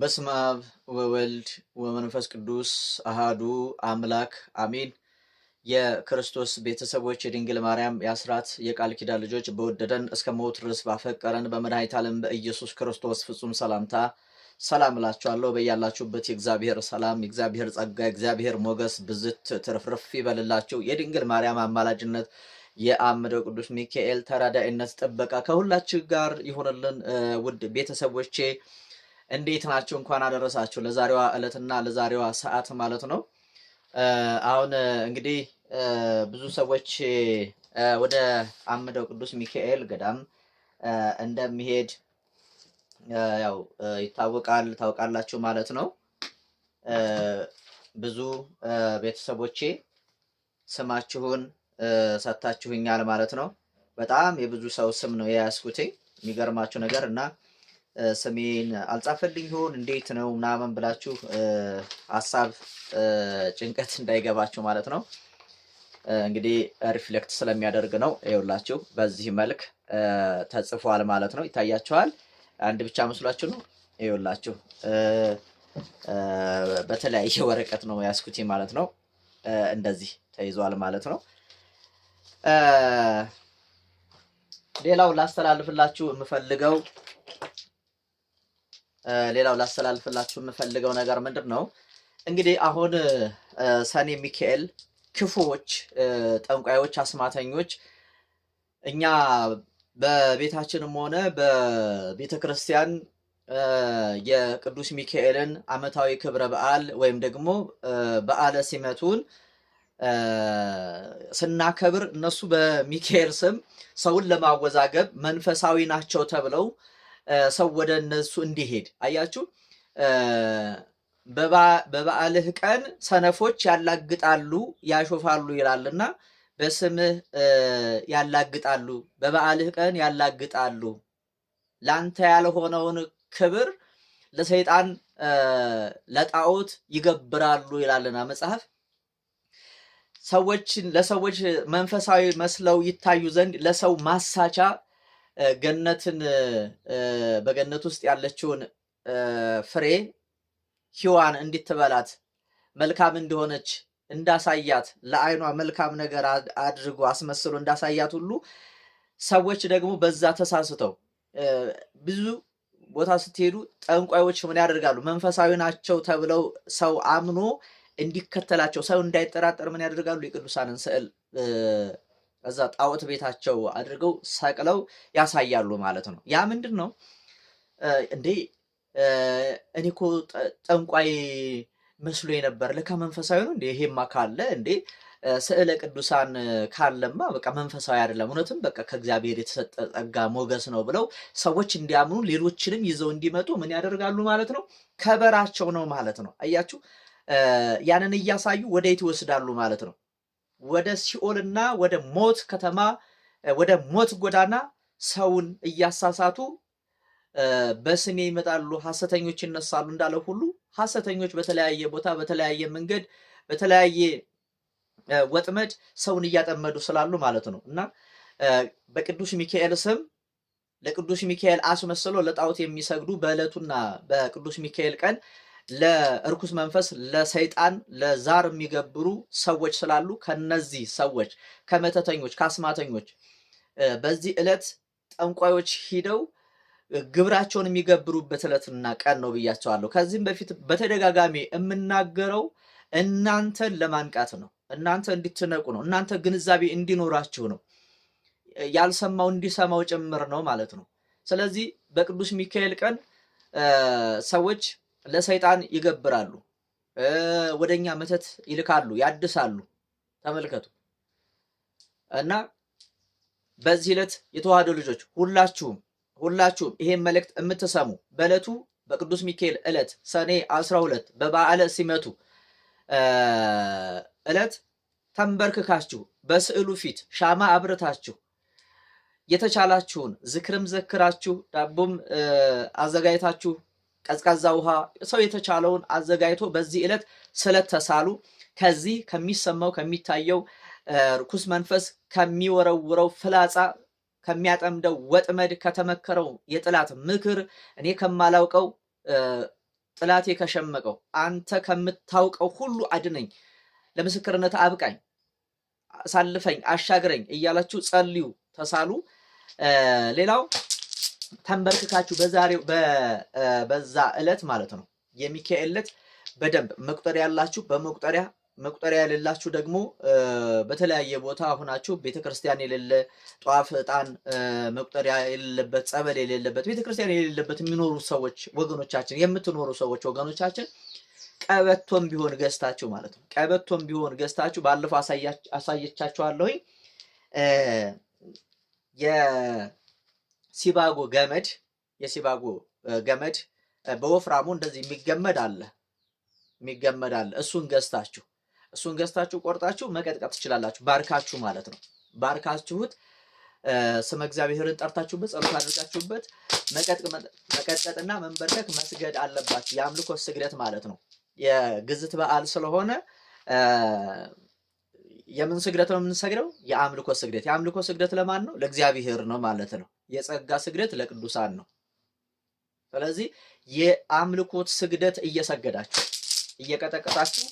በስመ አብ ወወልድ ወመንፈስ ቅዱስ አሃዱ አምላክ አሚን የክርስቶስ ቤተሰቦች የድንግል ማርያም የአስራት የቃል ኪዳን ልጆች በወደደን እስከ ሞት ድረስ ባፈቀረን በመድኃኒተ ዓለም በኢየሱስ ክርስቶስ ፍጹም ሰላምታ ሰላም እላችኋለሁ። በያላችሁበት የእግዚአብሔር ሰላም፣ የእግዚአብሔር ጸጋ፣ የእግዚአብሔር ሞገስ ብዝት ትርፍርፍ ይበልላችሁ። የድንግል ማርያም አማላጅነት የአምደው ቅዱስ ሚካኤል ተራዳይነት ጥበቃ ከሁላችን ጋር ይሆንልን። ውድ ቤተሰቦቼ እንዴት ናችሁ? እንኳን አደረሳችሁ ለዛሬዋ ዕለትና ለዛሬዋ ሰዓት ማለት ነው። አሁን እንግዲህ ብዙ ሰዎች ወደ አምደው ቅዱስ ሚካኤል ገዳም እንደሚሄድ ያው ይታወቃል ታውቃላችሁ ማለት ነው። ብዙ ቤተሰቦቼ ስማችሁን ሰጥታችሁኛል ማለት ነው። በጣም የብዙ ሰው ስም ነው የያዝኩትኝ የሚገርማችሁ ነገር እና ስሜን አልጻፈልኝ ይሆን እንዴት ነው ምናምን ብላችሁ ሀሳብ ጭንቀት እንዳይገባችሁ ማለት ነው። እንግዲህ ሪፍሌክት ስለሚያደርግ ነው። ይኸውላችሁ በዚህ መልክ ተጽፏል ማለት ነው። ይታያችኋል። አንድ ብቻ መስሏችሁ ነው። ይኸውላችሁ በተለያየ ወረቀት ነው ያስኩት ማለት ነው። እንደዚህ ተይዟል ማለት ነው። ሌላው ላስተላልፍላችሁ የምፈልገው ሌላው ላስተላልፍላችሁ የምፈልገው ነገር ምንድን ነው እንግዲህ አሁን ሰኔ ሚካኤል ክፉዎች፣ ጠንቋዮች፣ አስማተኞች እኛ በቤታችንም ሆነ በቤተ ክርስቲያን የቅዱስ ሚካኤልን ዓመታዊ ክብረ በዓል ወይም ደግሞ በዓለ ሲመቱን ስናከብር እነሱ በሚካኤል ስም ሰውን ለማወዛገብ መንፈሳዊ ናቸው ተብለው ሰው ወደ እነሱ እንዲሄድ አያችሁ። በበዓልህ ቀን ሰነፎች ያላግጣሉ ያሾፋሉ ይላልና በስምህ ያላግጣሉ፣ በበዓልህ ቀን ያላግጣሉ። ለአንተ ያልሆነውን ክብር ለሰይጣን ለጣዖት ይገብራሉ ይላልና መጽሐፍ ሰዎችን ለሰዎች መንፈሳዊ መስለው ይታዩ ዘንድ ለሰው ማሳቻ ገነትን በገነት ውስጥ ያለችውን ፍሬ ሂዋን እንዲትበላት መልካም እንደሆነች እንዳሳያት ለአይኗ መልካም ነገር አድርጎ አስመስሎ እንዳሳያት ሁሉ ሰዎች ደግሞ በዛ ተሳስተው ብዙ ቦታ ስትሄዱ ጠንቋዮች ምን ያደርጋሉ? መንፈሳዊ ናቸው ተብለው ሰው አምኖ እንዲከተላቸው ሰው እንዳይጠራጠር ምን ያደርጋሉ? የቅዱሳንን ስዕል እዛ ጣዖት ቤታቸው አድርገው ሰቅለው ያሳያሉ ማለት ነው። ያ ምንድን ነው እንዴ? እኔ እኮ ጠንቋይ መስሎ ነበር። ለካ መንፈሳዊ ነው እንዴ? ይሄማ ካለ እንዴ ስዕለ ቅዱሳን ካለማ በቃ መንፈሳዊ አይደለም፣ እውነትም በቃ ከእግዚአብሔር የተሰጠ ጸጋ ሞገስ ነው ብለው ሰዎች እንዲያምኑ ሌሎችንም ይዘው እንዲመጡ ምን ያደርጋሉ ማለት ነው። ከበራቸው ነው ማለት ነው። አያችሁ፣ ያንን እያሳዩ ወደ የት ይወስዳሉ ማለት ነው። ወደ ሲኦልና ወደ ሞት ከተማ ወደ ሞት ጎዳና ሰውን እያሳሳቱ በስሜ ይመጣሉ፣ ሐሰተኞች ይነሳሉ እንዳለ ሁሉ ሐሰተኞች በተለያየ ቦታ በተለያየ መንገድ በተለያየ ወጥመድ ሰውን እያጠመዱ ስላሉ ማለት ነው እና በቅዱስ ሚካኤል ስም ለቅዱስ ሚካኤል አስመስሎ ለጣዖት የሚሰግዱ በዕለቱና በቅዱስ ሚካኤል ቀን ለእርኩስ መንፈስ ለሰይጣን ለዛር የሚገብሩ ሰዎች ስላሉ ከነዚህ ሰዎች ከመተተኞች ከአስማተኞች በዚህ ዕለት ጠንቋዮች ሂደው ግብራቸውን የሚገብሩበት ዕለትና ቀን ነው ብያቸዋለሁ። ከዚህም በፊት በተደጋጋሚ የምናገረው እናንተን ለማንቃት ነው። እናንተ እንድትነቁ ነው። እናንተ ግንዛቤ እንዲኖራችሁ ነው። ያልሰማው እንዲሰማው ጭምር ነው ማለት ነው። ስለዚህ በቅዱስ ሚካኤል ቀን ሰዎች ለሰይጣን ይገብራሉ፣ ወደ እኛ መተት ይልካሉ፣ ያድሳሉ። ተመልከቱ እና በዚህ ዕለት የተዋህዶ ልጆች ሁላችሁም ሁላችሁም ይሄን መልእክት የምትሰሙ በዕለቱ በቅዱስ ሚካኤል ዕለት ሰኔ 12 በበዓለ ሲመቱ ዕለት ተንበርክካችሁ በስዕሉ ፊት ሻማ አብረታችሁ የተቻላችሁን ዝክርም ዘክራችሁ ዳቦም አዘጋጅታችሁ ቀዝቃዛ ውሃ ሰው የተቻለውን አዘጋጅቶ በዚህ ዕለት ስለተሳሉ ከዚህ ከሚሰማው ከሚታየው ርኩስ መንፈስ ከሚወረውረው ፍላጻ ከሚያጠምደው ወጥመድ ከተመከረው የጥላት ምክር እኔ ከማላውቀው ጥላቴ ከሸመቀው አንተ ከምታውቀው ሁሉ አድነኝ፣ ለምስክርነት አብቃኝ፣ አሳልፈኝ፣ አሻግረኝ እያላችሁ ጸልዩ፣ ተሳሉ። ሌላው ተንበርክካችሁ በዛሬው በዛ ዕለት ማለት ነው የሚካኤል ዕለት በደንብ መቁጠሪያ ያላችሁ በመቁጠሪያ መቁጠሪያ የሌላችሁ ደግሞ በተለያየ ቦታ ሁናችሁ ቤተክርስቲያን የሌለ ጧፍ ዕጣን መቁጠሪያ የሌለበት ጸበል የሌለበት ቤተክርስቲያን የሌለበት የሚኖሩ ሰዎች ወገኖቻችን የምትኖሩ ሰዎች ወገኖቻችን ቀበቶም ቢሆን ገዝታችሁ ማለት ነው ቀበቶም ቢሆን ገዝታችሁ ባለፈው አሳየቻችኋለሁኝ ሲባጎ ገመድ የሲባጎ ገመድ በወፍራሙ እንደዚህ የሚገመድ አለ የሚገመድ አለ። እሱን ገዝታችሁ እሱን ገዝታችሁ ቆርጣችሁ መቀጥቀጥ ትችላላችሁ። ባርካችሁ ማለት ነው። ባርካችሁት ስመ እግዚአብሔርን ጠርታችሁበት ጸሎት አድርጋችሁበት መቀጥቀጥና መንበርከክ መስገድ አለባችሁ። የአምልኮ ስግደት ማለት ነው። የግዝት በዓል ስለሆነ የምን ስግደት ነው የምንሰግደው? የአምልኮ ስግደት። የአምልኮ ስግደት ለማን ነው? ለእግዚአብሔር ነው ማለት ነው። የጸጋ ስግደት ለቅዱሳን ነው። ስለዚህ የአምልኮት ስግደት እየሰገዳችሁ እየቀጠቀጣችሁ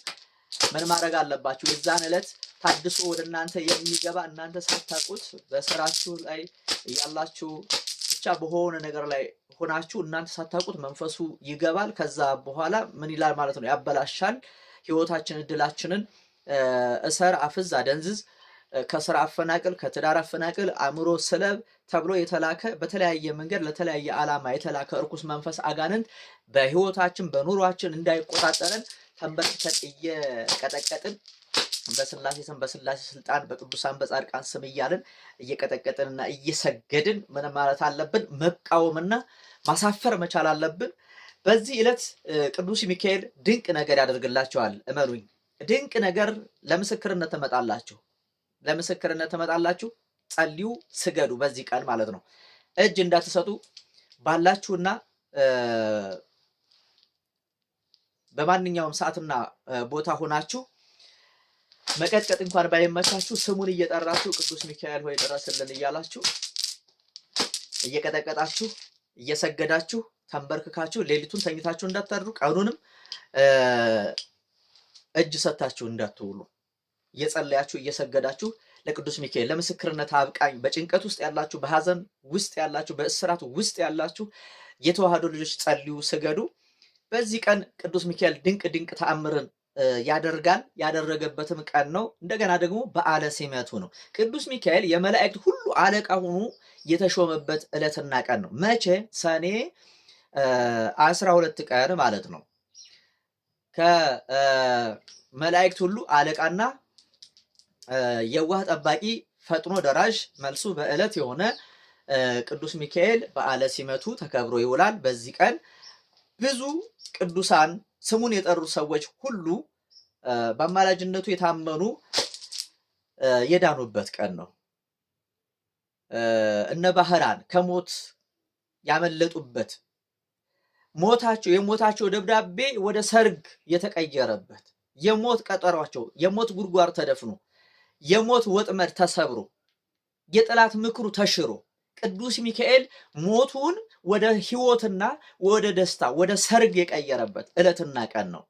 ምን ማድረግ አለባችሁ? የዛን ዕለት ታድሶ ወደ እናንተ የሚገባ እናንተ ሳታውቁት በስራችሁ ላይ እያላችሁ ብቻ በሆነ ነገር ላይ ሆናችሁ እናንተ ሳታውቁት መንፈሱ ይገባል። ከዛ በኋላ ምን ይላል ማለት ነው? ያበላሻል ህይወታችን እድላችንን እሰር፣ አፍዝ፣ አደንዝዝ ከስራ አፈናቅል፣ ከትዳር አፈናቅል፣ አእምሮ ስለብ ተብሎ የተላከ በተለያየ መንገድ ለተለያየ ዓላማ የተላከ እርኩስ መንፈስ አጋንንት በህይወታችን በኑሯችን እንዳይቆጣጠረን ተንበርክተን እየቀጠቀጥን በስላሴ ስም በስላሴ ስልጣን በቅዱሳን በጻድቃን ስም እያልን እየቀጠቀጥንና እየሰገድን ምን ማለት አለብን? መቃወምና ማሳፈር መቻል አለብን። በዚህ ዕለት ቅዱስ ሚካኤል ድንቅ ነገር ያደርግላቸዋል። እመኑኝ፣ ድንቅ ነገር ለምስክርነት ትመጣላችሁ። ለምስክርነት ትመጣላችሁ። ጸልዩ፣ ስገዱ በዚህ ቀን ማለት ነው። እጅ እንዳትሰጡ ባላችሁና በማንኛውም ሰዓትና ቦታ ሆናችሁ መቀጥቀጥ እንኳን ባይመቻችሁ ስሙን እየጠራችሁ ቅዱስ ሚካኤል ሆይ ድረስልን እያላችሁ እየቀጠቀጣችሁ እየሰገዳችሁ ተንበርክካችሁ ሌሊቱን ተኝታችሁ እንዳታድሩ፣ ቀኑንም እጅ ሰታችሁ እንዳትውሉ እየጸለያችሁ እየሰገዳችሁ ለቅዱስ ሚካኤል ለምስክርነት አብቃኝ፣ በጭንቀት ውስጥ ያላችሁ፣ በሀዘን ውስጥ ያላችሁ፣ በእስራት ውስጥ ያላችሁ የተዋህዶ ልጆች ጸልዩ፣ ስገዱ። በዚህ ቀን ቅዱስ ሚካኤል ድንቅ ድንቅ ተአምርን ያደርጋል። ያደረገበትም ቀን ነው። እንደገና ደግሞ በዓለ ሲመቱ ነው። ቅዱስ ሚካኤል የመላእክት ሁሉ አለቃ ሆኖ የተሾመበት ዕለትና ቀን ነው። መቼ? ሰኔ አስራ ሁለት ቀን ማለት ነው። ከመላእክት ሁሉ አለቃና የዋህ ጠባቂ ፈጥኖ ደራሽ መልሱ በዕለት የሆነ ቅዱስ ሚካኤል በዓለ ሲመቱ ተከብሮ ይውላል። በዚህ ቀን ብዙ ቅዱሳን ስሙን የጠሩ ሰዎች ሁሉ በአማላጅነቱ የታመኑ የዳኑበት ቀን ነው። እነ ባህራን ከሞት ያመለጡበት ሞታቸው የሞታቸው ደብዳቤ ወደ ሰርግ የተቀየረበት የሞት ቀጠሯቸው የሞት ጉድጓድ ተደፍኖ የሞት ወጥመድ ተሰብሮ የጠላት ምክሩ ተሽሮ ቅዱስ ሚካኤል ሞቱን ወደ ህይወትና ወደ ደስታ ወደ ሰርግ የቀየረበት ዕለትና ቀን ነው።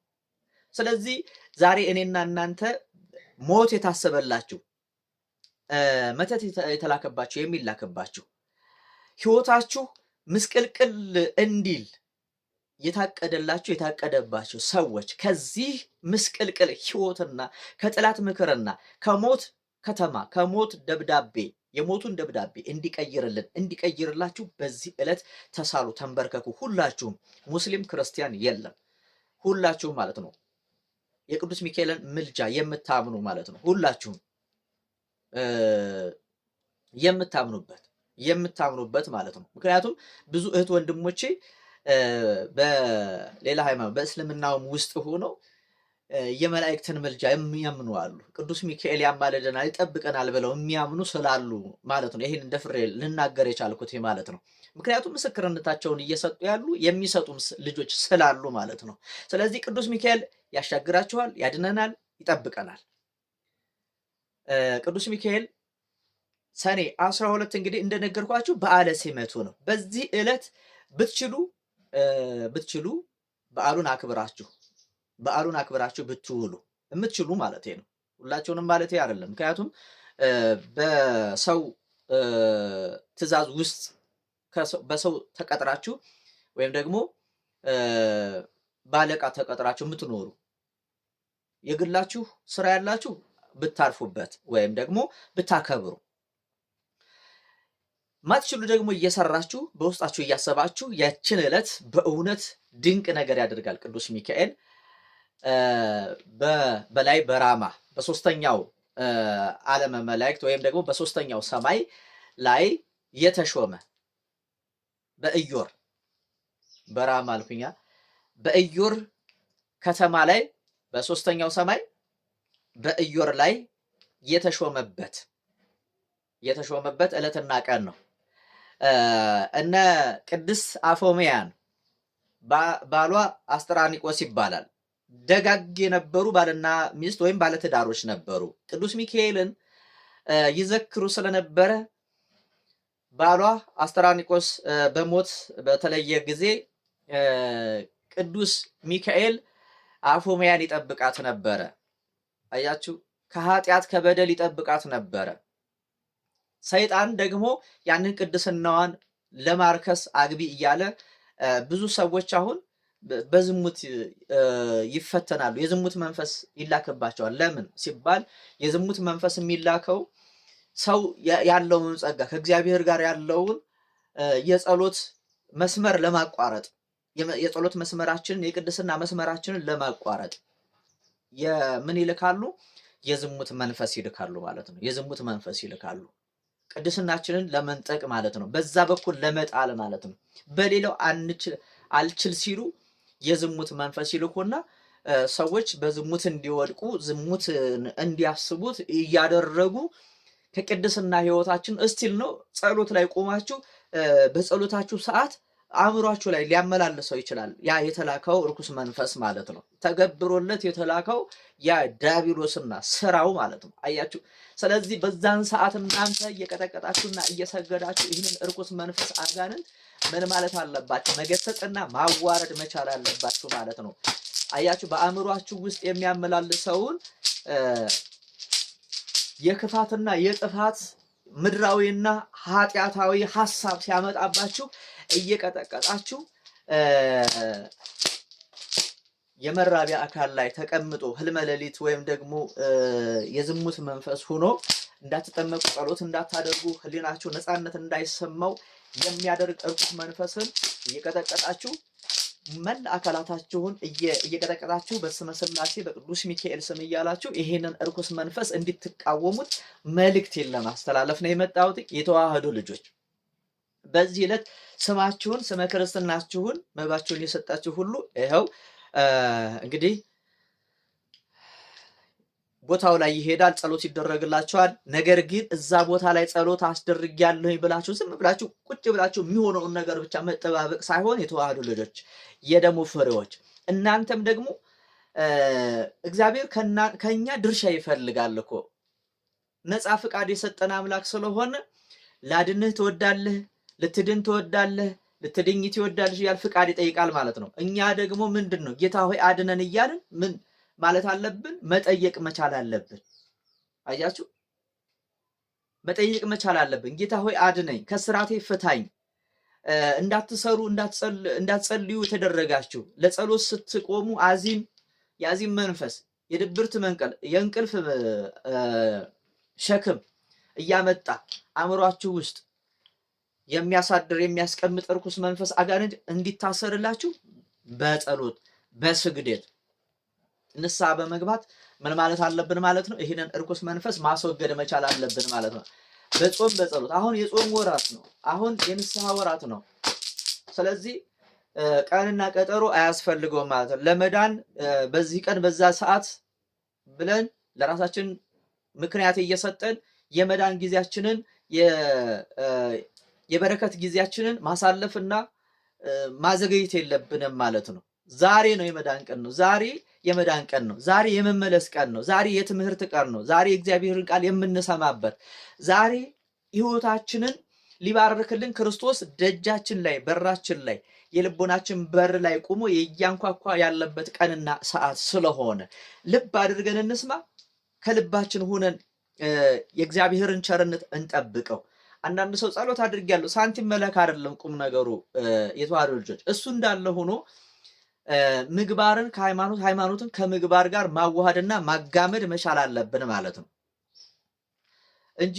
ስለዚህ ዛሬ እኔና እናንተ ሞት የታሰበላችሁ መተት የተላከባችሁ የሚላክባችሁ ህይወታችሁ ምስቅልቅል እንዲል የታቀደላቸው የታቀደባቸው ሰዎች ከዚህ ምስቅልቅል ህይወትና ከጥላት ምክርና ከሞት ከተማ ከሞት ደብዳቤ የሞቱን ደብዳቤ እንዲቀይርልን እንዲቀይርላችሁ በዚህ ዕለት ተሳሉ፣ ተንበርከኩ። ሁላችሁም ሙስሊም ክርስቲያን የለም፣ ሁላችሁም ማለት ነው። የቅዱስ ሚካኤልን ምልጃ የምታምኑ ማለት ነው። ሁላችሁም የምታምኑበት የምታምኑበት ማለት ነው። ምክንያቱም ብዙ እህት ወንድሞቼ በሌላ ሃይማኖት በእስልምናውም ውስጥ ሆኖ የመላእክትን ምልጃ የሚያምኑ አሉ። ቅዱስ ሚካኤል ያማልደናል ይጠብቀናል ብለው የሚያምኑ ስላሉ ማለት ነው። ይህን እንደፍሬ ልናገር የቻልኩት ማለት ነው። ምክንያቱም ምስክርነታቸውን እየሰጡ ያሉ የሚሰጡም ልጆች ስላሉ ማለት ነው። ስለዚህ ቅዱስ ሚካኤል ያሻግራችኋል፣ ያድነናል፣ ይጠብቀናል። ቅዱስ ሚካኤል ሰኔ አስራ ሁለት እንግዲህ እንደነገርኳችሁ በዓለ ሲመቱ ነው። በዚህ ዕለት ብትችሉ ብትችሉ በዓሉን አክብራችሁ በዓሉን አክብራችሁ ብትውሉ የምትችሉ ማለት ነው። ሁላቸውንም ማለት አይደለም። ምክንያቱም በሰው ትዕዛዝ ውስጥ በሰው ተቀጥራችሁ ወይም ደግሞ ባለቃ ተቀጥራችሁ የምትኖሩ የግላችሁ ስራ ያላችሁ ብታርፉበት ወይም ደግሞ ብታከብሩ ማትችሉ ደግሞ እየሰራችሁ በውስጣችሁ እያሰባችሁ ያችን ዕለት በእውነት ድንቅ ነገር ያደርጋል ቅዱስ ሚካኤል በላይ በራማ በሶስተኛው ዓለመ መላእክት ወይም ደግሞ በሶስተኛው ሰማይ ላይ የተሾመ በእዮር በራማ አልኩኛ በእዮር ከተማ ላይ በሶስተኛው ሰማይ በእዮር ላይ የተሾመበት የተሾመበት ዕለትና ቀን ነው። እነ ቅድስት አፎሚያን ባሏ አስተራኒቆስ ይባላል። ደጋግ የነበሩ ባልና ሚስት ወይም ባለትዳሮች ነበሩ። ቅዱስ ሚካኤልን ይዘክሩ ስለነበረ ባሏ አስተራኒቆስ በሞት በተለየ ጊዜ ቅዱስ ሚካኤል አፎሚያን ይጠብቃት ነበረ። አያችሁ፣ ከኃጢአት ከበደል ይጠብቃት ነበረ። ሰይጣን ደግሞ ያንን ቅድስናዋን ለማርከስ አግቢ እያለ ብዙ ሰዎች አሁን በዝሙት ይፈተናሉ። የዝሙት መንፈስ ይላክባቸዋል። ለምን ሲባል የዝሙት መንፈስ የሚላከው ሰው ያለውን ጸጋ ከእግዚአብሔር ጋር ያለውን የጸሎት መስመር ለማቋረጥ የጸሎት መስመራችንን የቅድስና መስመራችንን ለማቋረጥ የምን ይልካሉ? የዝሙት መንፈስ ይልካሉ ማለት ነው። የዝሙት መንፈስ ይልካሉ። ቅድስናችንን ለመንጠቅ ማለት ነው። በዛ በኩል ለመጣል ማለት ነው። በሌላው አልችል ሲሉ የዝሙት መንፈስ ይልኩና ሰዎች በዝሙት እንዲወድቁ ዝሙት እንዲያስቡት እያደረጉ ከቅድስና ህይወታችን እስቲል ነው ጸሎት ላይ ቆማችሁ በጸሎታችሁ ሰዓት አእምሯችሁ ላይ ሊያመላልሰው ይችላል። ያ የተላከው እርኩስ መንፈስ ማለት ነው። ተገብሮለት የተላከው ያ ዳቢሎስና ስራው ማለት ነው። አያችሁ። ስለዚህ በዛን ሰዓት እናንተ እየቀጠቀጣችሁና እየሰገዳችሁ ይህንን እርኩስ መንፈስ አጋንን ምን ማለት አለባችሁ? መገሰጥና ማዋረድ መቻል አለባችሁ ማለት ነው። አያችሁ፣ በአእምሯችሁ ውስጥ የሚያመላልሰውን የክፋትና የጥፋት ምድራዊና ኃጢአታዊ ሀሳብ ሲያመጣባችሁ እየቀጠቀጣችሁ የመራቢያ አካል ላይ ተቀምጦ ህልመ ሌሊት ወይም ደግሞ የዝሙት መንፈስ ሆኖ እንዳትጠመቁ ጸሎት እንዳታደርጉ ህሊናችሁ ነፃነት እንዳይሰማው የሚያደርግ እርኩስ መንፈስን እየቀጠቀጣችሁ መላ አካላታችሁን እየቀጠቀጣችሁ በስመ ስላሴ በቅዱስ ሚካኤል ስም እያላችሁ ይሄንን እርኩስ መንፈስ እንድትቃወሙት መልእክቴን ለማስተላለፍ ነው የመጣሁት። የተዋህዶ ልጆች በዚህ ዕለት ስማችሁን ስመ ክርስትናችሁን መባችሁን የሰጣችሁ ሁሉ ይኸው እንግዲህ ቦታው ላይ ይሄዳል፣ ጸሎት ይደረግላችኋል። ነገር ግን እዛ ቦታ ላይ ጸሎት አስደርጊያለሁኝ ብላችሁ ዝም ብላችሁ ቁጭ ብላችሁ የሚሆነውን ነገር ብቻ መጠባበቅ ሳይሆን የተዋህዱ ልጆች፣ የደሙ ፍሬዎች እናንተም ደግሞ እግዚአብሔር ከኛ ድርሻ ይፈልጋል እኮ ነፃ ፍቃድ የሰጠን አምላክ ስለሆነ ላድንህ ትወዳለህ ልትድን ትወዳለህ ልትድኝ ትወዳለሽ እያል ፍቃድ ይጠይቃል ማለት ነው። እኛ ደግሞ ምንድን ነው ጌታ ሆይ አድነን እያልን ምን ማለት አለብን? መጠየቅ መቻል አለብን። አያችሁ መጠየቅ መቻል አለብን። ጌታ ሆይ አድነኝ፣ ከስራቴ ፍታኝ፣ እንዳትሰሩ እንዳትጸልዩ የተደረጋችሁ ለጸሎት ስትቆሙ አዚም የአዚም መንፈስ የድብርት መንቀል የእንቅልፍ ሸክም እያመጣ አእምሯችሁ ውስጥ የሚያሳድር የሚያስቀምጥ ርኩስ መንፈስ አጋንንት እንዲታሰርላችሁ በጸሎት በስግደት ንስሐ በመግባት ምን ማለት አለብን ማለት ነው። ይህንን እርኩስ መንፈስ ማስወገድ መቻል አለብን ማለት ነው። በጾም በጸሎት አሁን የጾም ወራት ነው። አሁን የንስሐ ወራት ነው። ስለዚህ ቀንና ቀጠሮ አያስፈልገውም ማለት ነው። ለመዳን በዚህ ቀን በዛ ሰዓት ብለን ለራሳችን ምክንያት እየሰጠን የመዳን ጊዜያችንን የበረከት ጊዜያችንን ማሳለፍና ማዘገየት የለብንም ማለት ነው። ዛሬ ነው የመዳን ቀን ነው። ዛሬ የመዳን ቀን ነው። ዛሬ የመመለስ ቀን ነው። ዛሬ የትምህርት ቀን ነው። ዛሬ የእግዚአብሔርን ቃል የምንሰማበት፣ ዛሬ ሕይወታችንን ሊባርክልን ክርስቶስ ደጃችን ላይ በራችን ላይ የልቦናችን በር ላይ ቆሞ የእያንኳኳ ያለበት ቀንና ሰዓት ስለሆነ ልብ አድርገን እንስማ። ከልባችን ሆነን የእግዚአብሔርን ቸርነት እንጠብቀው። አንዳንድ ሰው ጸሎት አድርጌያለሁ ሳንቲም መለክ አይደለም ቁም ነገሩ የተዋህዶ ልጆች። እሱ እንዳለ ሆኖ ምግባርን ከሃይማኖት ሃይማኖትን ከምግባር ጋር ማዋሃድና ማጋመድ መቻል አለብን ማለት ነው እንጂ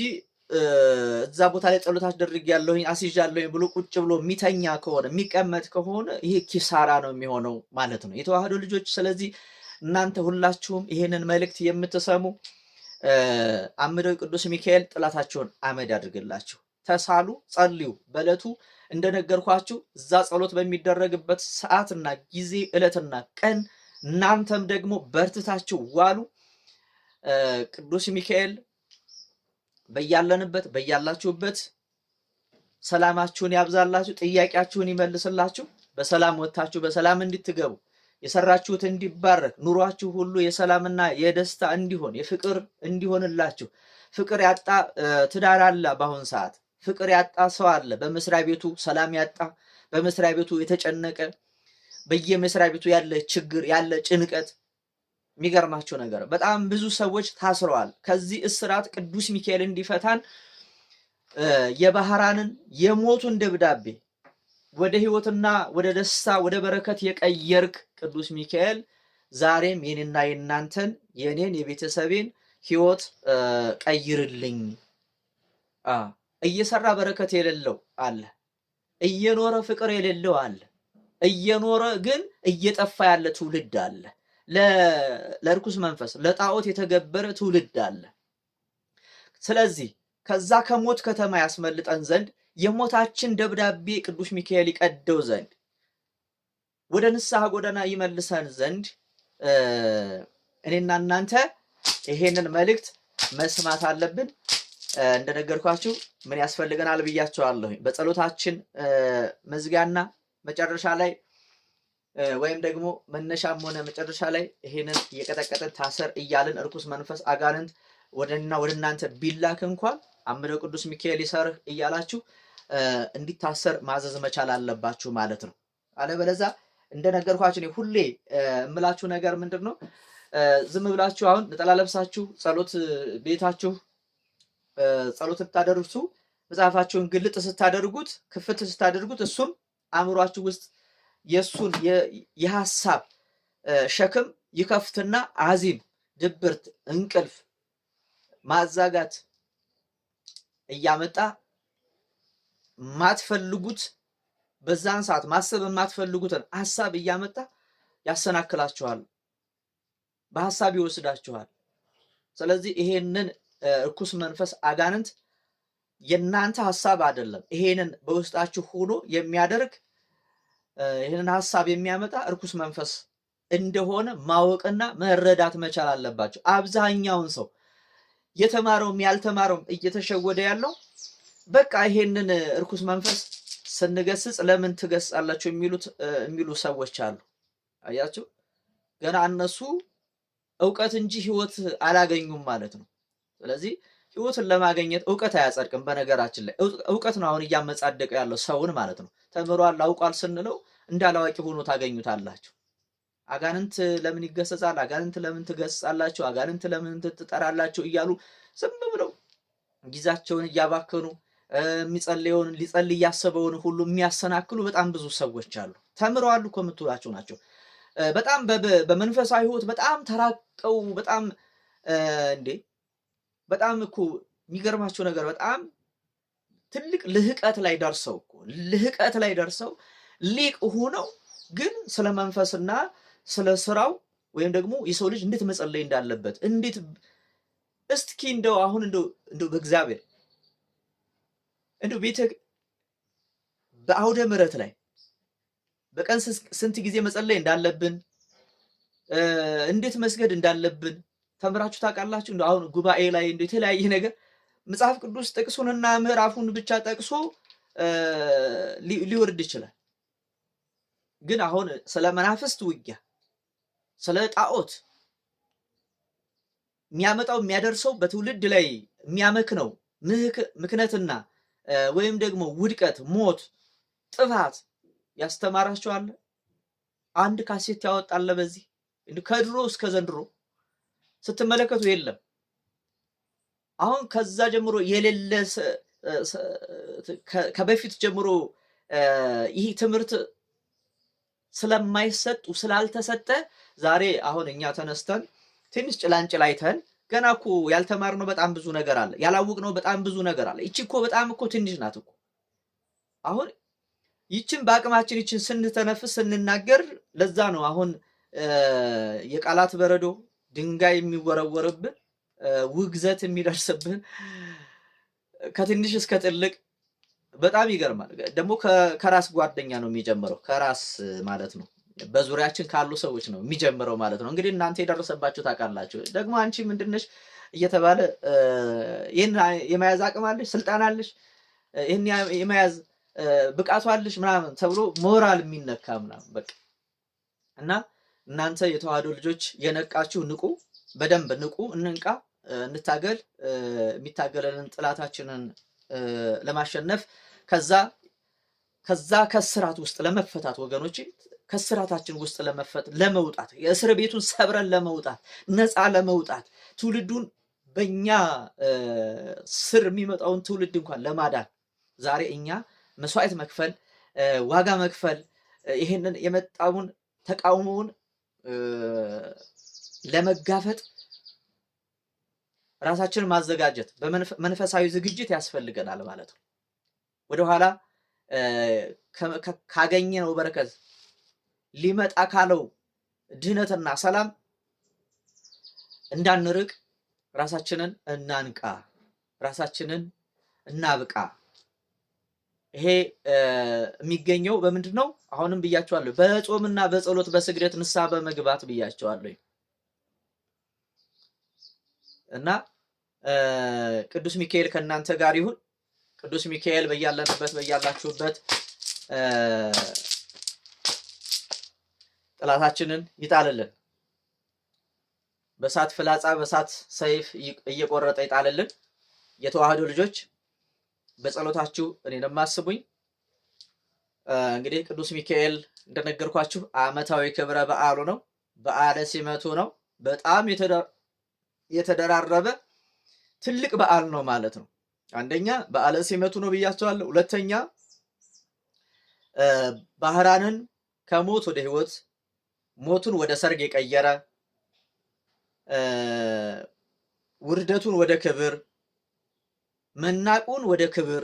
እዛ ቦታ ላይ ጸሎት አስደርጌያለሁኝ አስይዣለሁኝ ብሎ ቁጭ ብሎ የሚተኛ ከሆነ የሚቀመጥ ከሆነ ይሄ ኪሳራ ነው የሚሆነው ማለት ነው የተዋህዶ ልጆች። ስለዚህ እናንተ ሁላችሁም ይሄንን መልእክት የምትሰሙ አምደው ቅዱስ ሚካኤል ጥላታቸውን አመድ አድርግላቸው። ተሳሉ፣ ጸልዩ። በለቱ እንደነገርኳችሁ እዛ ጸሎት በሚደረግበት ሰዓትና ጊዜ እለትና ቀን እናንተም ደግሞ በርትታችሁ ዋሉ። ቅዱስ ሚካኤል በያለንበት በያላችሁበት ሰላማችሁን ያብዛላችሁ፣ ጥያቄያችሁን ይመልስላችሁ። በሰላም ወጥታችሁ በሰላም እንድትገቡ የሰራችሁት እንዲባረክ ኑሯችሁ ሁሉ የሰላምና የደስታ እንዲሆን የፍቅር እንዲሆንላችሁ። ፍቅር ያጣ ትዳር አለ። በአሁን ሰዓት ፍቅር ያጣ ሰው አለ። በመስሪያ ቤቱ ሰላም ያጣ፣ በመስሪያ ቤቱ የተጨነቀ፣ በየመስሪያ ቤቱ ያለ ችግር ያለ ጭንቀት። የሚገርማቸው ነገር በጣም ብዙ ሰዎች ታስረዋል። ከዚህ እስራት ቅዱስ ሚካኤል እንዲፈታን የባህራንን የሞቱን ደብዳቤ ወደ ህይወትና ወደ ደስታ ወደ በረከት የቀየርክ ቅዱስ ሚካኤል ዛሬም የኔና የእናንተን የእኔን የቤተሰቤን ህይወት ቀይርልኝ። እየሰራ በረከት የሌለው አለ፣ እየኖረ ፍቅር የሌለው አለ፣ እየኖረ ግን እየጠፋ ያለ ትውልድ አለ፣ ለርኩስ መንፈስ ለጣዖት የተገበረ ትውልድ አለ። ስለዚህ ከዛ ከሞት ከተማ ያስመልጠን ዘንድ የሞታችን ደብዳቤ ቅዱስ ሚካኤል ይቀደው ዘንድ ወደ ንስሐ ጎዳና ይመልሰን ዘንድ እኔና እናንተ ይሄንን መልእክት መስማት አለብን። እንደነገርኳችሁ ምን ያስፈልገናል ብያቸዋለሁ። በጸሎታችን መዝጊያና መጨረሻ ላይ ወይም ደግሞ መነሻም ሆነ መጨረሻ ላይ ይሄንን እየቀጠቀጥን ታሰር እያልን እርኩስ መንፈስ አጋንንት ወደና ወደ እናንተ ቢላክ እንኳን አምደው ቅዱስ ሚካኤል ይሰርህ እያላችሁ እንዲታሰር ማዘዝ መቻል አለባችሁ ማለት ነው። አለበለዛ እንደነገርኳችሁ ሁሌ የምላችሁ ነገር ምንድን ነው? ዝም ብላችሁ አሁን ነጠላ ለብሳችሁ ጸሎት ቤታችሁ ጸሎት ብታደርሱ መጽሐፋችሁን ግልጥ ስታደርጉት ክፍት ስታደርጉት እሱም አእምሯችሁ ውስጥ የእሱን የሀሳብ ሸክም ይከፍትና አዚም፣ ድብርት፣ እንቅልፍ ማዛጋት እያመጣ ማትፈልጉት በዛን ሰዓት ማሰብ የማትፈልጉትን ሀሳብ እያመጣ ያሰናክላችኋል፣ በሀሳብ ይወስዳችኋል። ስለዚህ ይሄንን እርኩስ መንፈስ አጋንንት የእናንተ ሀሳብ አይደለም። ይሄንን በውስጣችሁ ሆኖ የሚያደርግ ይህንን ሀሳብ የሚያመጣ እርኩስ መንፈስ እንደሆነ ማወቅና መረዳት መቻል አለባቸው። አብዛኛውን ሰው የተማረውም ያልተማረውም እየተሸወደ ያለው በቃ ይሄንን እርኩስ መንፈስ ስንገስጽ ለምን ትገስጻላችሁ የሚሉት የሚሉ ሰዎች አሉ። አያችሁ ገና እነሱ እውቀት እንጂ ህይወት አላገኙም ማለት ነው። ስለዚህ ህይወትን ለማገኘት እውቀት አያጸድቅም። በነገራችን ላይ እውቀት ነው አሁን እያመጻደቀ ያለው ሰውን ማለት ነው። ተምሯል አውቋል ስንለው እንዳላዋቂ ሆኖ ታገኙታላችሁ። አጋንንት ለምን ይገሰጻል? አጋንንት ለምን ትገስጻላችሁ? አጋንንት ለምን ትጠራላችሁ? እያሉ ዝም ብለው ጊዜያቸውን እያባከኑ የሚጸልየውን ሊጸልይ እያሰበውን ሁሉ የሚያሰናክሉ በጣም ብዙ ሰዎች አሉ። ተምረዋል እኮ የምትውላቸው ናቸው። በጣም በመንፈሳዊ ህይወት በጣም ተራቀው በጣም እንዴ በጣም እኮ የሚገርማቸው ነገር በጣም ትልቅ ልህቀት ላይ ደርሰው እኮ ልህቀት ላይ ደርሰው ሊቅ ሆነው ግን ስለ መንፈስና ስለ ስራው ወይም ደግሞ የሰው ልጅ እንዴት መጸለይ እንዳለበት እንዴት እስኪ እንደው አሁን እንደው በእግዚአብሔር እንዲሁ ቤተ በአውደ ምረት ላይ በቀን ስንት ጊዜ መጸለይ እንዳለብን እንዴት መስገድ እንዳለብን ተምራችሁ ታውቃላችሁ? እንደው አሁን ጉባኤ ላይ እንደው የተለያየ ነገር መጽሐፍ ቅዱስ ጥቅሱንና ምዕራፉን ብቻ ጠቅሶ ሊወርድ ይችላል። ግን አሁን ስለ መናፍስት ውጊያ፣ ስለ ጣዖት የሚያመጣው የሚያደርሰው በትውልድ ላይ የሚያመክነው ምክነትና ወይም ደግሞ ውድቀት፣ ሞት፣ ጥፋት ያስተማራቸዋል። አንድ ካሴት ያወጣለ በዚህ ከድሮ እስከ ዘንድሮ ስትመለከቱ የለም። አሁን ከዛ ጀምሮ የሌለ ከበፊት ጀምሮ ይህ ትምህርት ስለማይሰጡ ስላልተሰጠ ዛሬ አሁን እኛ ተነስተን ትንሽ ጭላንጭል አይተን ገና እኮ ያልተማርነው በጣም ብዙ ነገር አለ። ያላወቅነው በጣም ብዙ ነገር አለ። ይቺ እኮ በጣም እኮ ትንሽ ናት እኮ። አሁን ይችን በአቅማችን ይችን ስንተነፍስ ስንናገር፣ ለዛ ነው አሁን የቃላት በረዶ ድንጋይ የሚወረወርብን ውግዘት የሚደርስብን ከትንሽ እስከ ትልቅ በጣም ይገርማል። ደግሞ ከራስ ጓደኛ ነው የሚጀምረው ከራስ ማለት ነው በዙሪያችን ካሉ ሰዎች ነው የሚጀምረው ማለት ነው። እንግዲህ እናንተ የደረሰባችሁ ታውቃላችሁ። ደግሞ አንቺ ምንድነሽ እየተባለ ይህን የመያዝ አቅም አለሽ፣ ስልጣን አለሽ፣ ይህን የመያዝ ብቃቱ አለሽ ምናምን ተብሎ ሞራል የሚነካ ምናምን በቃ እና እናንተ የተዋህዶ ልጆች የነቃችሁ ንቁ፣ በደንብ ንቁ፣ እንንቃ፣ እንታገል። የሚታገለንን ጥላታችንን ለማሸነፍ ከዛ ከዛ ከስራት ውስጥ ለመፈታት ወገኖች ከስራታችን ውስጥ ለመፈጥ ለመውጣት የእስር ቤቱን ሰብረን ለመውጣት ነፃ ለመውጣት ትውልዱን በእኛ ስር የሚመጣውን ትውልድ እንኳን ለማዳን ዛሬ እኛ መስዋዕት መክፈል ዋጋ መክፈል ይሄንን የመጣውን ተቃውሞውን ለመጋፈጥ ራሳችን ማዘጋጀት በመንፈሳዊ ዝግጅት ያስፈልገናል ማለት ነው። ወደኋላ ካገኘነው በረከት ሊመጣ ካለው ድህነትና ሰላም እንዳንርቅ ራሳችንን እናንቃ፣ ራሳችንን እናብቃ። ይሄ የሚገኘው በምንድን ነው? አሁንም ብያቸዋለሁ፣ በጾምና በጸሎት በስግደት ንስሐ በመግባት ብያቸዋለሁ። እና ቅዱስ ሚካኤል ከእናንተ ጋር ይሁን። ቅዱስ ሚካኤል በያለንበት በያላችሁበት ጠላታችንን ይጣልልን። በሳት ፍላጻ በሳት ሰይፍ እየቆረጠ ይጣልልን። የተዋህዶ ልጆች በጸሎታችሁ እኔን አስቡኝ። እንግዲህ ቅዱስ ሚካኤል እንደነገርኳችሁ ዓመታዊ ክብረ በዓሉ ነው። በዓለ ሲመቱ ነው። በጣም የተደራረበ ትልቅ በዓል ነው ማለት ነው። አንደኛ በዓለ ሲመቱ ነው ብያቸዋለሁ። ሁለተኛ ባህራንን ከሞት ወደ ሕይወት ሞቱን ወደ ሰርግ የቀየረ ውርደቱን ወደ ክብር መናቁን ወደ ክብር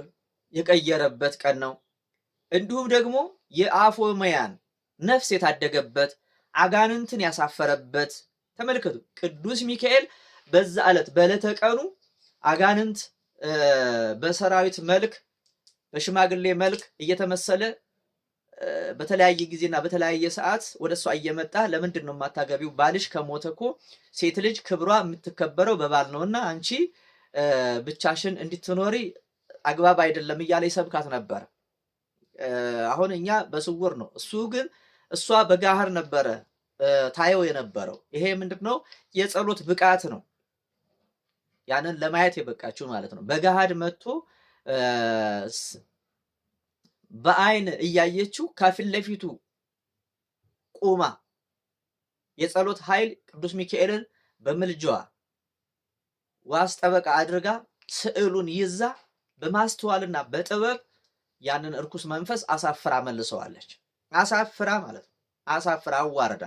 የቀየረበት ቀን ነው። እንዲሁም ደግሞ የአፎመያን ነፍስ የታደገበት አጋንንትን ያሳፈረበት ተመልከቱ። ቅዱስ ሚካኤል በዛ ዕለት በዕለተ ቀኑ አጋንንት በሰራዊት መልክ በሽማግሌ መልክ እየተመሰለ በተለያየ ጊዜና በተለያየ ሰዓት ወደ እሷ እየመጣ ለምንድን ነው የማታገቢው? ባልሽ ከሞተ እኮ ሴት ልጅ ክብሯ የምትከበረው በባል ነው እና አንቺ ብቻሽን እንድትኖሪ አግባብ አይደለም እያለ ይሰብካት ነበር። አሁን እኛ በስውር ነው፣ እሱ ግን እሷ በጋህር ነበረ ታየው የነበረው። ይሄ ምንድን ነው? የጸሎት ብቃት ነው። ያንን ለማየት የበቃችው ማለት ነው። በጋሃድ መጥቶ በአይን እያየችው ከፊት ለፊቱ ቁማ የጸሎት ኃይል ቅዱስ ሚካኤልን በምልጃዋ ዋስ ጠበቃ አድርጋ ስዕሉን ይዛ በማስተዋልና በጥበብ ያንን እርኩስ መንፈስ አሳፍራ መልሰዋለች። አሳፍራ ማለት ነው። አሳፍራ አዋርዳ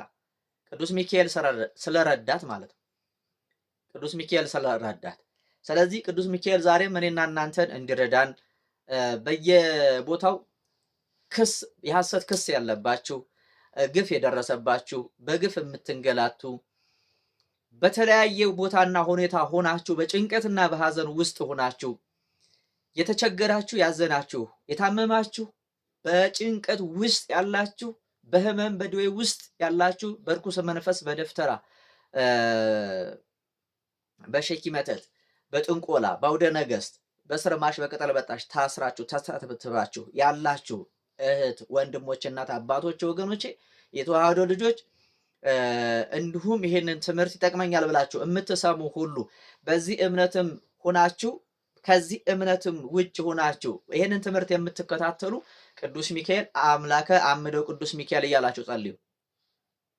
ቅዱስ ሚካኤል ስለረዳት ማለት ነው። ቅዱስ ሚካኤል ስለረዳት። ስለዚህ ቅዱስ ሚካኤል ዛሬም እኔና እናንተን እንዲረዳን በየቦታው ክስ የሐሰት ክስ ያለባችሁ፣ ግፍ የደረሰባችሁ፣ በግፍ የምትንገላቱ፣ በተለያየ ቦታና ሁኔታ ሆናችሁ በጭንቀትና በሐዘን ውስጥ ሆናችሁ የተቸገራችሁ፣ ያዘናችሁ፣ የታመማችሁ፣ በጭንቀት ውስጥ ያላችሁ፣ በህመም በድዌ ውስጥ ያላችሁ፣ በርኩስ መንፈስ በደፍተራ በሸኪ መተት በጥንቆላ በአውደ ነገስት በስርማሽ በቅጠል በጣሽ ታስራችሁ ተስተብትባችሁ ያላችሁ እህት ወንድሞች፣ እናት አባቶች፣ ወገኖቼ የተዋህዶ ልጆች እንዲሁም ይሄንን ትምህርት ይጠቅመኛል ብላችሁ የምትሰሙ ሁሉ በዚህ እምነትም ሁናችሁ ከዚህ እምነትም ውጭ ሁናችሁ ይሄንን ትምህርት የምትከታተሉ ቅዱስ ሚካኤል አምላከ አምደው ቅዱስ ሚካኤል እያላችሁ ጸልዩ።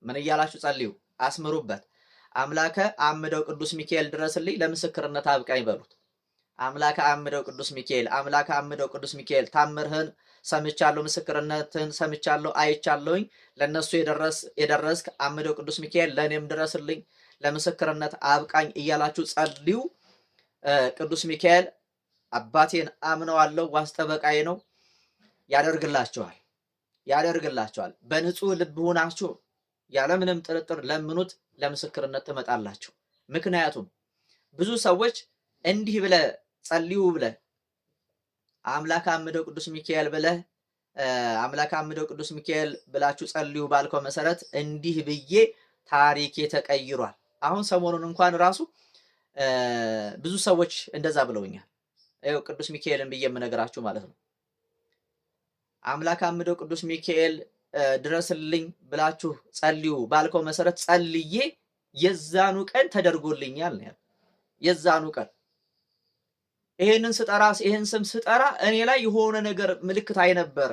ምን እያላችሁ ጸልዩ? አስምሩበት። አምላከ አምደው ቅዱስ ሚካኤል ድረስልኝ፣ ለምስክርነት አብቃኝ በሉት። አምላከ አምደው ቅዱስ ሚካኤል አምላከ አምደው ቅዱስ ሚካኤል ታምርህን ሰምቻለሁ፣ ምስክርነትን ሰምቻለሁ፣ አይቻለሁኝ። ለእነሱ የደረስክ አምደው ቅዱስ ሚካኤል ለእኔም ድረስልኝ፣ ለምስክርነት አብቃኝ እያላችሁ ጸልዩ። ቅዱስ ሚካኤል አባቴን አምነዋለሁ፣ ዋስጠበቃዬ ነው፣ ያደርግላችኋል ያደርግላችኋል። በንጹህ ልብ ሁናችሁ ያለምንም ጥርጥር ለምኑት፣ ለምስክርነት ትመጣላችሁ። ምክንያቱም ብዙ ሰዎች እንዲህ ብለ ጸልዩ ብለ አምላክ አምደው ቅዱስ ሚካኤል ብለ አምላክ አምደው ቅዱስ ሚካኤል ብላችሁ ጸልዩ ባልከው መሰረት እንዲህ ብዬ ታሪኬ ተቀይሯል። አሁን ሰሞኑን እንኳን ራሱ ብዙ ሰዎች እንደዛ ብለውኛል። ይኸው ቅዱስ ሚካኤልን ብዬ የምነግራችሁ ማለት ነው። አምላክ አምደው ቅዱስ ሚካኤል ድረስልኝ ብላችሁ ጸልዩ ባልከው መሰረት ጸልዬ የዛኑ ቀን ተደርጎልኛል ነው የዛኑ ቀን ይሄንን ስጠራ ይሄን ስም ስጠራ እኔ ላይ የሆነ ነገር ምልክት አይነበር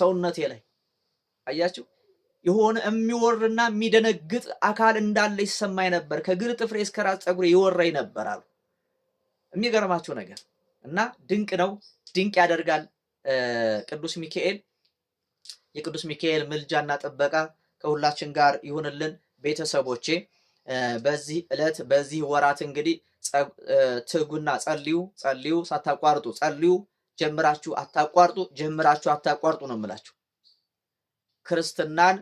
ሰውነቴ ላይ አያችሁ፣ የሆነ የሚወርና የሚደነግጥ አካል እንዳለ ይሰማኝ ነበር። ከግር ጥፍሬ እስከ ራስ ፀጉሬ ይወረኝ ነበር አሉ። የሚገርማችሁ ነገር እና ድንቅ ነው፣ ድንቅ ያደርጋል ቅዱስ ሚካኤል። የቅዱስ ሚካኤል ምልጃና ጥበቃ ከሁላችን ጋር ይሁንልን። ቤተሰቦቼ በዚህ ዕለት በዚህ ወራት እንግዲህ ትጉና ጸልዩ ጸልዩ ሳታቋርጡ ጸልዩ። ጀምራችሁ አታቋርጡ ጀምራችሁ አታቋርጡ ነው የምላችሁ። ክርስትናን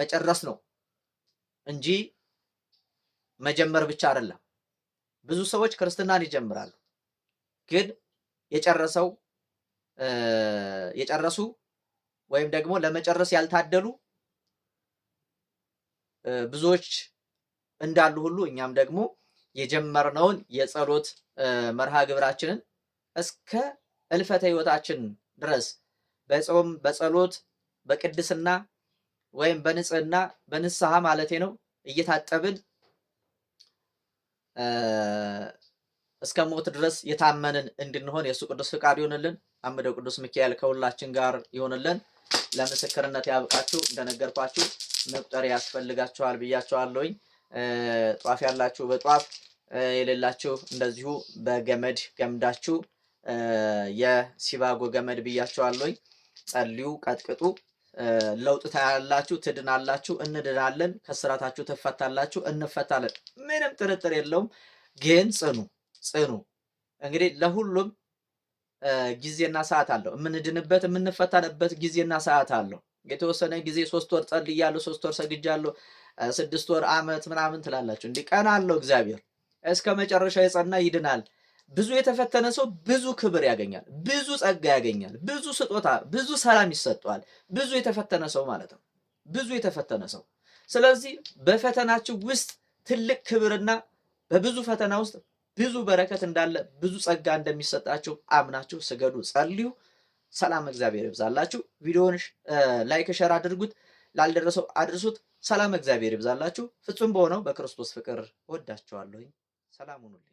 መጨረስ ነው እንጂ መጀመር ብቻ አይደለም። ብዙ ሰዎች ክርስትናን ይጀምራሉ፣ ግን የጨረሰው የጨረሱ ወይም ደግሞ ለመጨረስ ያልታደሉ ብዙዎች እንዳሉ ሁሉ እኛም ደግሞ የጀመርነውን የጸሎት መርሃ ግብራችንን እስከ እልፈተ ህይወታችን ድረስ በጾም በጸሎት በቅድስና ወይም በንጽህና በንስሐ ማለቴ ነው እየታጠብን እስከ ሞት ድረስ የታመንን እንድንሆን የእሱ ቅዱስ ፍቃድ ይሆንልን። አምደው ቅዱስ ሚካኤል ከሁላችን ጋር ይሆንልን። ለምስክርነት ያብቃችሁ። እንደነገርኳችሁ መቁጠር ያስፈልጋችኋል ብያችኋለሁኝ። ጧፍ ያላችሁ በጧፍ የሌላችሁ እንደዚሁ በገመድ ገምዳችሁ የሲባጎ ገመድ ብያችኋለሁኝ። ጸልዩ፣ ቀጥቅጡ። ለውጥ ታያላችሁ፣ ትድናላችሁ፣ እንድናለን፣ ከስራታችሁ ትፈታላችሁ፣ እንፈታለን። ምንም ጥርጥር የለውም። ግን ጽኑ ጽኑ። እንግዲህ ለሁሉም ጊዜና ሰዓት አለው። የምንድንበት የምንፈታንበት ጊዜና ሰዓት አለው። የተወሰነ ጊዜ ሶስት ወር ጸልያለሁ፣ ሶስት ወር ሰግጃለሁ፣ ስድስት ወር አመት ምናምን ትላላችሁ። እንዲህ ቀን አለው እግዚአብሔር። እስከ መጨረሻ የጸና ይድናል። ብዙ የተፈተነ ሰው ብዙ ክብር ያገኛል፣ ብዙ ጸጋ ያገኛል፣ ብዙ ስጦታ፣ ብዙ ሰላም ይሰጠዋል። ብዙ የተፈተነ ሰው ማለት ነው። ብዙ የተፈተነ ሰው። ስለዚህ በፈተናችሁ ውስጥ ትልቅ ክብርና በብዙ ፈተና ውስጥ ብዙ በረከት እንዳለ ብዙ ጸጋ እንደሚሰጣችሁ አምናችሁ ስገዱ፣ ጸልዩ። ሰላም እግዚአብሔር ይብዛላችሁ። ቪዲዮውን ላይክ፣ ሸር አድርጉት፣ ላልደረሰው አድርሱት። ሰላም እግዚአብሔር ይብዛላችሁ። ፍጹም በሆነው በክርስቶስ ፍቅር ወዳችኋለሁኝ። ሰላም ሁኑልኝ።